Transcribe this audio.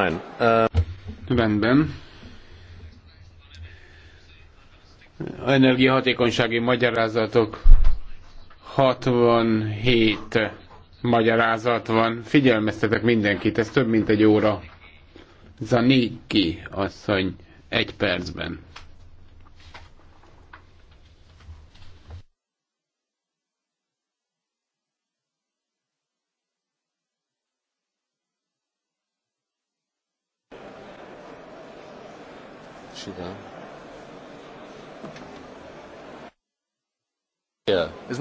Fine. Uh... Rendben. Energiahatékonysági magyarázatok 67 magyarázat van. Figyelmeztetek mindenkit, ez több mint egy óra. Zanicki asszony egy percben. przyda. Yeah.